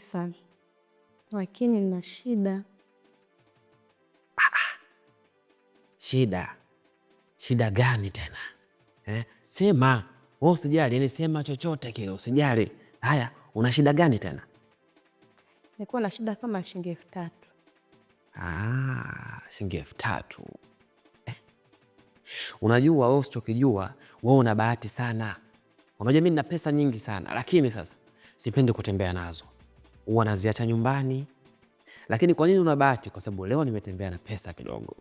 vizuri sana, lakini nina shida. shida shida gani tena eh? Sema wewe, usijali yani, sema chochote kile, usijali. Haya, una shida gani tena? Nilikuwa na shida kama shilingi elfu tatu. Ah, shilingi elfu tatu eh? Unajua wewe usichokijua wewe, una bahati sana. Unajua mimi nina pesa nyingi sana, lakini sasa sipendi kutembea nazo wanaziacha nyumbani. Lakini kwa nini una bahati? Kwa sababu leo nimetembea na pesa kidogo.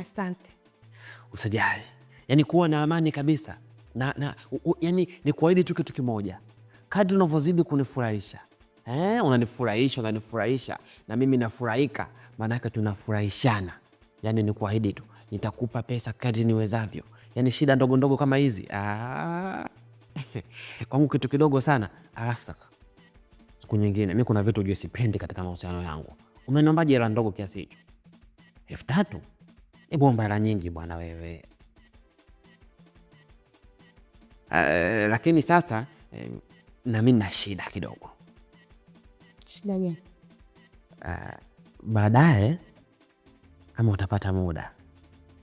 Asante. Usijali, yaani kuwa na amani kabisa na, na u, yani ni kuahidi tu kitu kimoja, kadri unavyozidi kunifurahisha eh, unanifurahisha unanifurahisha na mimi nafurahika, maanake tunafurahishana yani ni kuahidi tu, nitakupa pesa kadri niwezavyo, yani shida ndogo ndogo kama hizi ah. kwangu kitu kidogo sana. Alafu sasa siku nyingine, mi kuna vitu ujue sipendi katika mahusiano yangu. Umeniombaje hela ndogo kiasi hicho? elfu tatu? Hebu omba hela nyingi bwana wewe. Uh, lakini sasa eh, nami na shida kidogo. Shida gani? Uh, baadaye ama utapata muda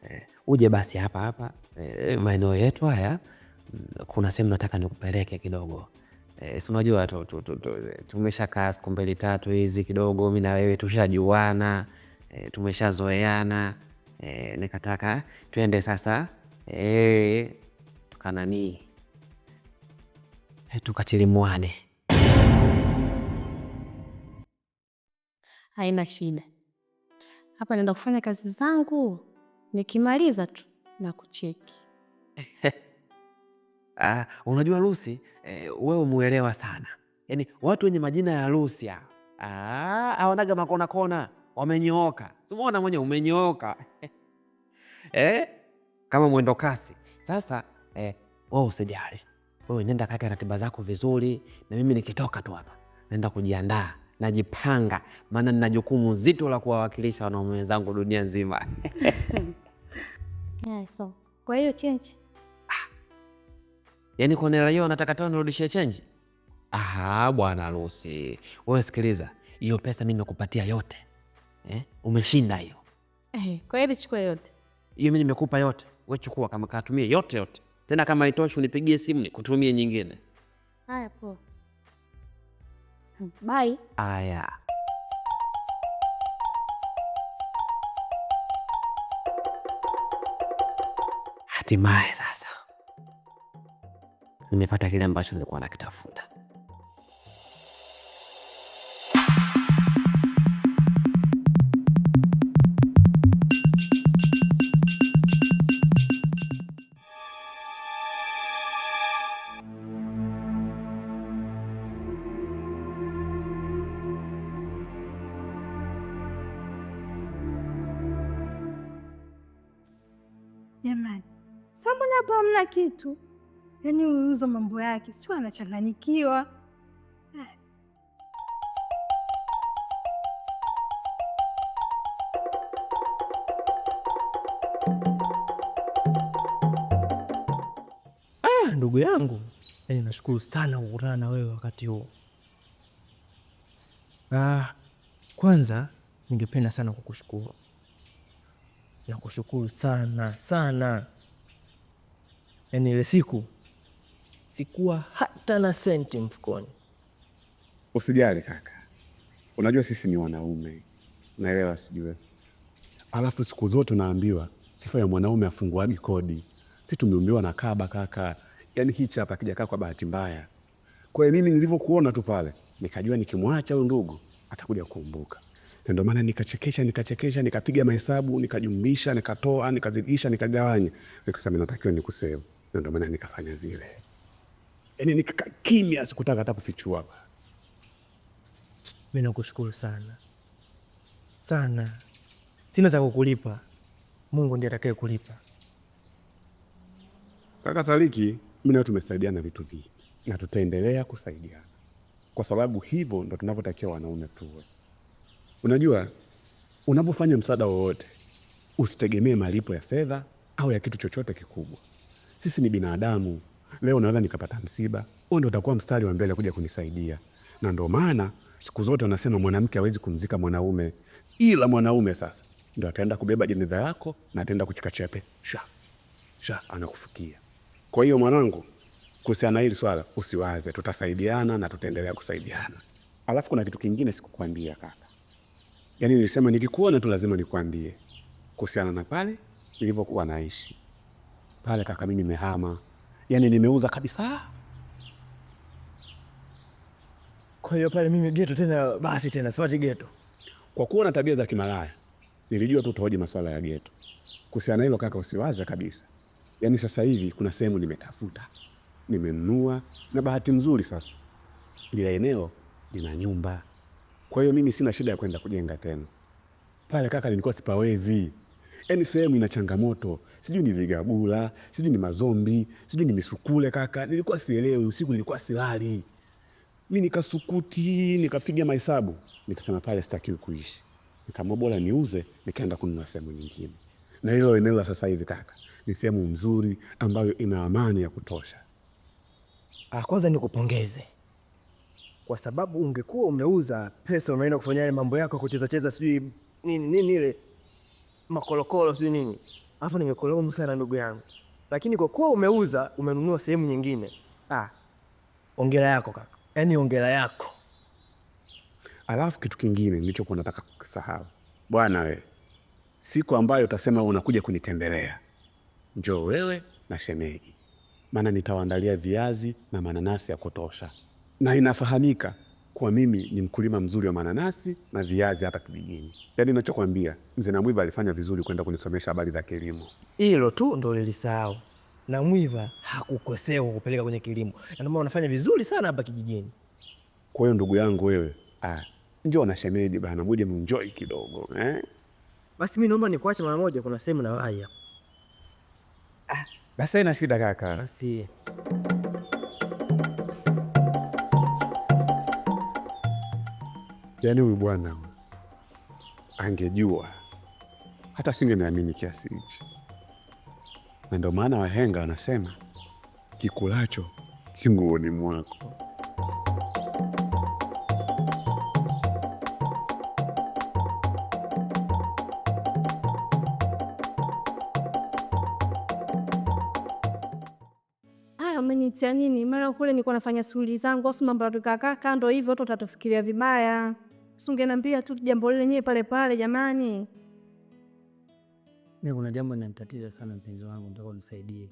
eh, uje basi hapa hapa eh, maeneo yetu haya, kuna sehemu nataka nikupeleke kidogo eh, si unajua tumeshakaa siku mbili tatu hizi kidogo, mi na wewe tushajuana eh, tumeshazoeana eh, nikataka tuende sasa eh, tukananii eh, tukachilimwane, haina shida hapa naenda kufanya kazi zangu, nikimaliza tu na kucheki. Uh, unajua Lucy, eh, wewe umuelewa sana. Yaani watu wenye majina ya Lucy ah, hawanaga makona kona, wamenyooka. Simuona mwenye umenyooka eh, kama mwendo kasi. Sasa eh, wewe usijali, wewe nenda kake ratiba zako vizuri, na mimi nikitoka tu hapa naenda kujiandaa najipanga, maana nina jukumu zito la kuwawakilisha wanaume wenzangu dunia nzima. Yeah, so kwa hiyo chenji ah. Yaani kunelajiwa unataka tena nirudishie chenji? Aha, bwana harusi wewe, sikiliza, hiyo pesa mimi nimekupatia yote eh? Umeshinda hiyo eh, kwa hiyo chukua yote hiyo, mimi nimekupa yote, wewe chukua, kama katumie yote yote, tena kama itoshi unipigie simu nikutumie nyingine. Haya, poa. Bye. Aya. Hatimaye sasa nimepata kile ambacho nilikuwa nakitafuta. Jamani, Samweli hapo hamna kitu, yaani uuzo mambo yake, sio anachanganyikiwa. Ah, ndugu yangu, yaani nashukuru sana kukutana na wewe wakati huu. Ah, kwanza ningependa sana kukushukuru ya kushukuru sana sana. Yaani ile siku sikuwa hata na senti mfukoni. Usijali kaka, unajua sisi ni wanaume, naelewa sijue. Alafu siku zote unaambiwa sifa ya mwanaume afunguagi kodi, si tumeumbiwa na kaba kaka. Yaani hichi hapa akijakaa kwa bahati mbaya. Kwa hiyo mimi nilivyokuona tu pale nikajua nikimwacha huyu ndugu atakuja kukumbuka na ndio maana nikachekesha nikachekesha nikapiga mahesabu nikajumlisha nikatoa nikazidisha nikagawanya, nikasema natakiwa nikusevu, na ndio maana nikafanya zile, Yani nikaa kimya, sikutaka hata kufichua. Mimi nakushukuru sana sana, sina za kukulipa. Mungu ndiye atakaye kulipa kaka Saliki. mimi nawe tumesaidiana vitu vingi na tutaendelea kusaidiana, kwa sababu hivyo ndo tunavyotakiwa wanaume tuwe Unajua, unapofanya msaada wowote usitegemee malipo ya fedha au ya kitu chochote kikubwa. Sisi ni binadamu. Leo naweza nikapata msiba, wewe ndio utakuwa mstari wa mbele kuja kunisaidia, na ndio maana siku zote wanasema mwanamke hawezi kumzika mwanaume, ila mwanaume sasa ndio ataenda kubeba jeneza yako na ataenda kuchika chepe sha sha, anakufikia. Kwa hiyo mwanangu, kuhusiana na hili swala usiwaze, tutasaidiana na tutaendelea kusaidiana. Alafu kuna kitu kingine sikukwambia kaka yani nilisema nikikuona tu lazima nikwambie kuhusiana na pale nilivyokuwa naishi pale. Kaka mimi nimehama, yani nimeuza kabisa. Kwa hiyo pale mimi geto tena, basi tena sipati geto. Kwa kuwa na tabia za kimalaya, nilijua tu utahoji maswala ya geto. Kuhusiana hilo kaka, usiwaze kabisa. Yaani sasa hivi kuna sehemu nimetafuta, nimenunua, na bahati nzuri sasa lile eneo lina nyumba kwa hiyo mimi sina shida ya kwenda kujenga tena pale. Kaka nilikuwa sipawezi, yaani sehemu ina changamoto, sijui ni vigabula, sijui ni mazombi, sijui ni misukule. Kaka nilikuwa sielewi, usiku nilikuwa silali mi nikasukuti, nikapiga mahesabu, nikasema pale sitakiwi kuishi, nikaamua bora niuze, nikaenda kununua sehemu nyingine. Na hilo eneo la sasa hivi kaka ni sehemu nzuri ambayo ina amani ya kutosha. Ah, kwanza nikupongeze kwa sababu ungekuwa umeuza pesa, unaenda kufanya yale mambo yako, kucheza cheza, sijui nini nini, ile makolokolo, sijui nini. Hapo nimekulaumu sana ndugu yangu, lakini kwa kuwa umeuza, umenunua sehemu nyingine. Ah, ongera yako kaka, yani ongera yako. Alafu kitu kingine nilichokuwa nataka kusahau bwana, we siku ambayo utasema unakuja kunitembelea, njoo wewe na shemeji, maana nitawaandalia viazi na mananasi ya kutosha na inafahamika kwa mimi ni mkulima mzuri wa mananasi na viazi hapa kijijini. Yaani ninachokwambia mzee Namwiva alifanya vizuri kwenda kunisomesha habari za kilimo. Hilo tu ndo lilisahau. Namwiva hakukosewa kupeleka kwenye kilimo, na ndio unafanya vizuri sana hapa kijijini. Kwa hiyo ndugu yangu wewe, ah, njoo na shemeji bana, muje muenjoy kidogo eh? Basi mimi naomba nikuache mara moja, kuna sehemu na waya. Ah, basi ina shida kaka. Basi. Yaani huyu bwana angejua hata singeniamini kiasi hichi, na ndio maana wahenga wanasema kikulacho kinguoni mwako. Haya, nini? Mara kule nilikuwa nafanya shughuli zangu, au mambo ya kaka kando hivyo, utatufikiria vibaya sungenambia tu jambo lile lenyewe pale pale. Jamani, mimi kuna jambo linanitatiza sana, mpenzi wangu, nataka unisaidie.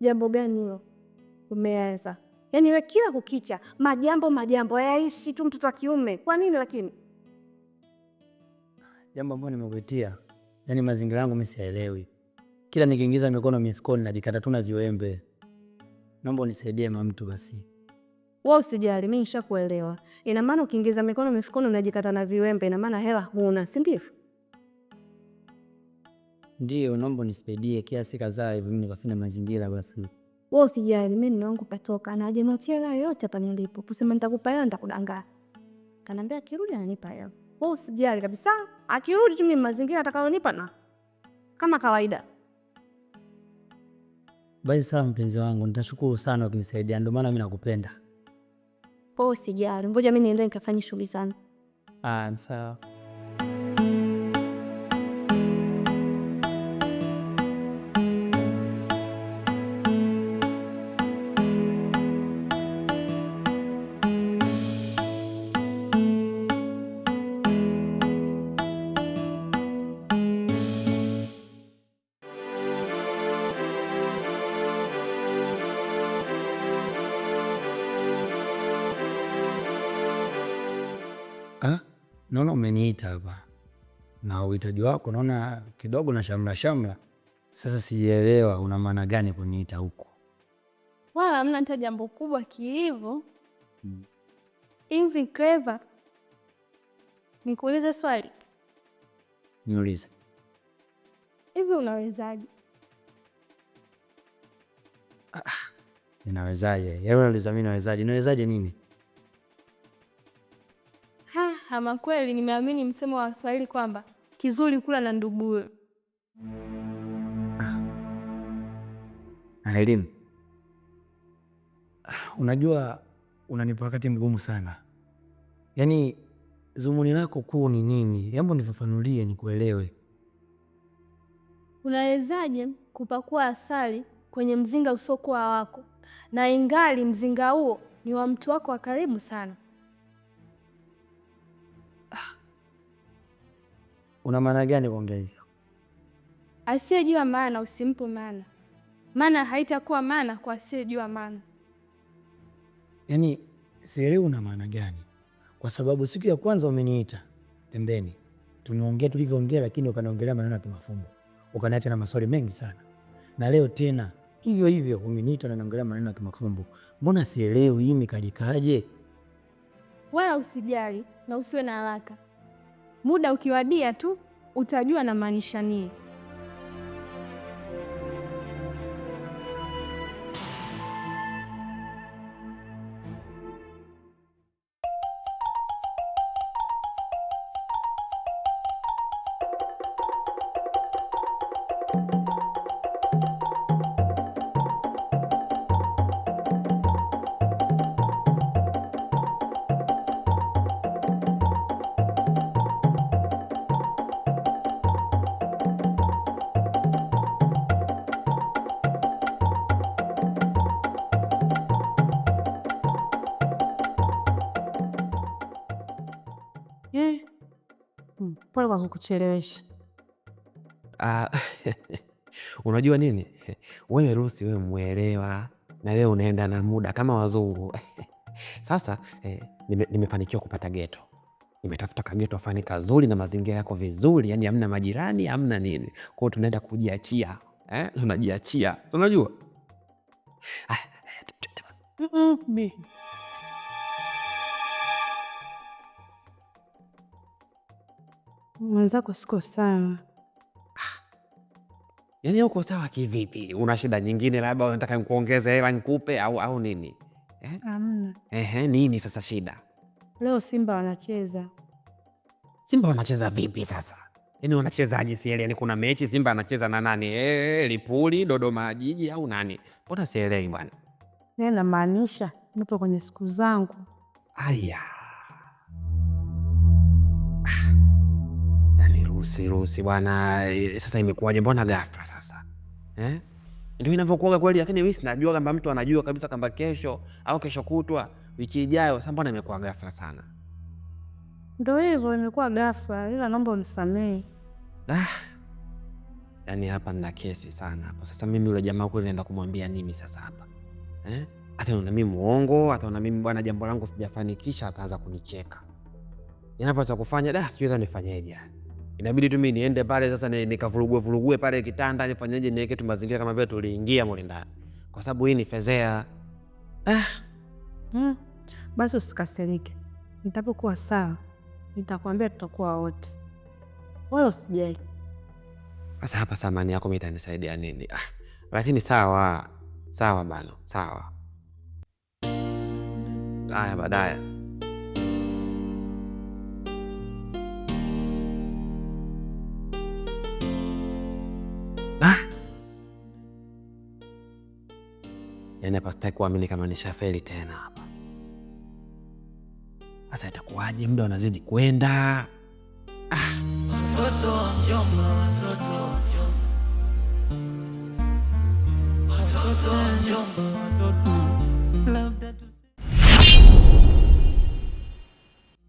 Jambo gani hilo? Umeanza yaani we kila kukicha majambo majambo, yaishi tu mtoto wa kiume. Kwa nini lakini? Jambo ambalo nimekuitia, yaani mazingira yangu mimi siyaelewi, kila nikiingiza mikono mifukoni najikata tu na viwembe. Naomba unisaidie mamtu basi. Wewe usijali, mimi nishakuelewa. Ina maana ukiingiza mikono mifukoni unajikata na viwembe, ina maana hela huna, si ndivyo? Ndio, naomba nisaidie kiasi kadhaa hivi mimi nikafina mazingira basi. Wewe usijali, mimi nina wangu katoka na hajaniachia hela yote hapa nilipo. Kusema nitakupa hela nitakudanganya. Kanambia akirudi ananipa hela. Wewe usijali kabisa. Akirudi tu mimi mazingira atakayonipa na kama kawaida. Basi sawa mpenzi wangu, nitashukuru sana ukinisaidia. Ndio maana mimi nakupenda poa, sijali, ngoja mi niende nikafanye shughuli zangu. Ah, sawa. naona umeniita hapa na uhitaji wako naona kidogo na shamla shamla. Sasa sijaelewa una maana gani kuniita huku, wala hamna hata jambo kubwa kiivo hmm. hivi. Hmm. nikuulize swali. Niulize. Hivi unawezaje? Ah, ah ninawezaje? Yeye anauliza mimi nawezaje? Nawezaje nini? ama kweli nimeamini msemo wa Kiswahili kwamba kizuri kula na ndubuye. Anailim, ah, ah, unajua unanipa wakati mgumu sana. Yaani zumuni lako kuu ni nini? Hebu nifafanulie nikuelewe. Unawezaje kupakua asali kwenye mzinga usiokuwa wako na ingali mzinga huo ni wa mtu wako wa karibu sana? una maana gani kuongea hivyo? Asiyejua maana usimpe maana, maana haitakuwa maana kwa asiyejua maana. Yaani sielewi una maana gani, kwa sababu siku ya kwanza umeniita pembeni, tumeongea tulivyoongea, lakini ukaniongelea maneno ya kimafumbo, ukaniacha na maswali mengi sana, na leo tena hivyo hivyo umeniita na niongelea maneno ya kimafumbo. Mbona sielewi hii kajikaje Wala usijali na usiwe na haraka Muda ukiwadia tu utajua namaanisha nini. Pole kwa kukuchelewesha. Ah. unajua nini, wewe Rusi, wewe mwelewa na wewe unaenda na muda kama wazungu Sasa eh, nime, nimefanikiwa kupata geto, nimetafuta kageto fani kazuri na mazingira yako vizuri, yani hamna majirani hamna nini, kwao tunaenda kujiachia eh? Tunajiachia, unajua ah, mm -mm. Mwenzako siko sawa. Ah. Yaani uko sawa kivipi? Una shida nyingine labda unataka nikuongeze hela nikupe au au nini? Eh? Ehe, nini sasa shida? Leo Simba wanacheza. Simba wanacheza vipi sasa? Yaani wanachezaje sielewi? Yaani kuna mechi Simba anacheza na nani? Eh, eh Lipuli, Dodoma Jiji au nani? Mbona sielewi bwana? Nini yaani namaanisha? Nipo kwenye siku zangu. Aya. Ruhusi, ruhusi bwana. Eh, sasa imekuwaje? Mbona ghafla sasa eh? Ndio inavyokuwa kweli, lakini mimi sinajua kwamba mtu anajua kabisa kwamba kesho au kesho kutwa, wiki ijayo. Sasa mbona imekuwa ghafla sana? Ndio hivyo, imekuwa ghafla, ila naomba unisamehe. Ah, yani hapa nina kesi sana hapa. Sasa mimi yule jamaa kule naenda kumwambia nini sasa hapa eh? Ataona mimi muongo, ataona mimi bwana, jambo langu sijafanikisha, ataanza kunicheka. Inapata yaani kufanya da, sijui nifanyeje. Yaani inabidi tu mimi niende pale sasa nikavurugue vurugue pale kitanda nifanyaje, niweke tu mazingira kama vile tuliingia mule ndani, kwa sababu hii ni fedhea. Ah. Hmm. Basi usikasirike, nitapokuwa sawa nitakwambia, tutakuwa wote, wala usijali. Sasa hapa samani yako mimi itanisaidia nini? Ah, lakini sawa sawa bana, sawa haya, baadaye Yaani hapa sitaki kuamini kama nishafeli tena hapa. Sasa itakuwaje? Muda unazidi kwenda.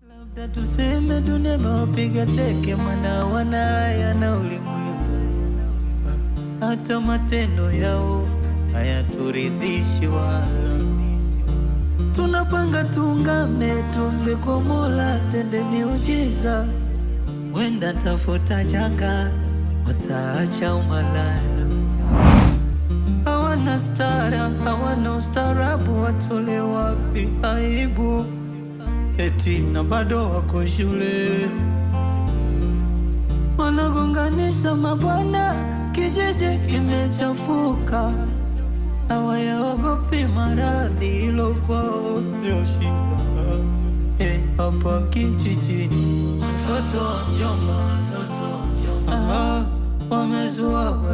Labda tuseme dunia imewapiga teke mwana wanaya na ulimwengu, hata matendo yao hayaturidhishi wala tunapanga tungame, tumbe kwa Mola tende miujiza, wenda tafuta janga wataacha umalaya. Hawana stara, hawana ustarabu watole wapi aibu? Eti na bado wako shule, wanagonganisha mabwana, kijiji kimechafuka hawayaogopi maradhi ilokwao sio shida. Hey, hapa kijijini watoto wa mjomba wamezoa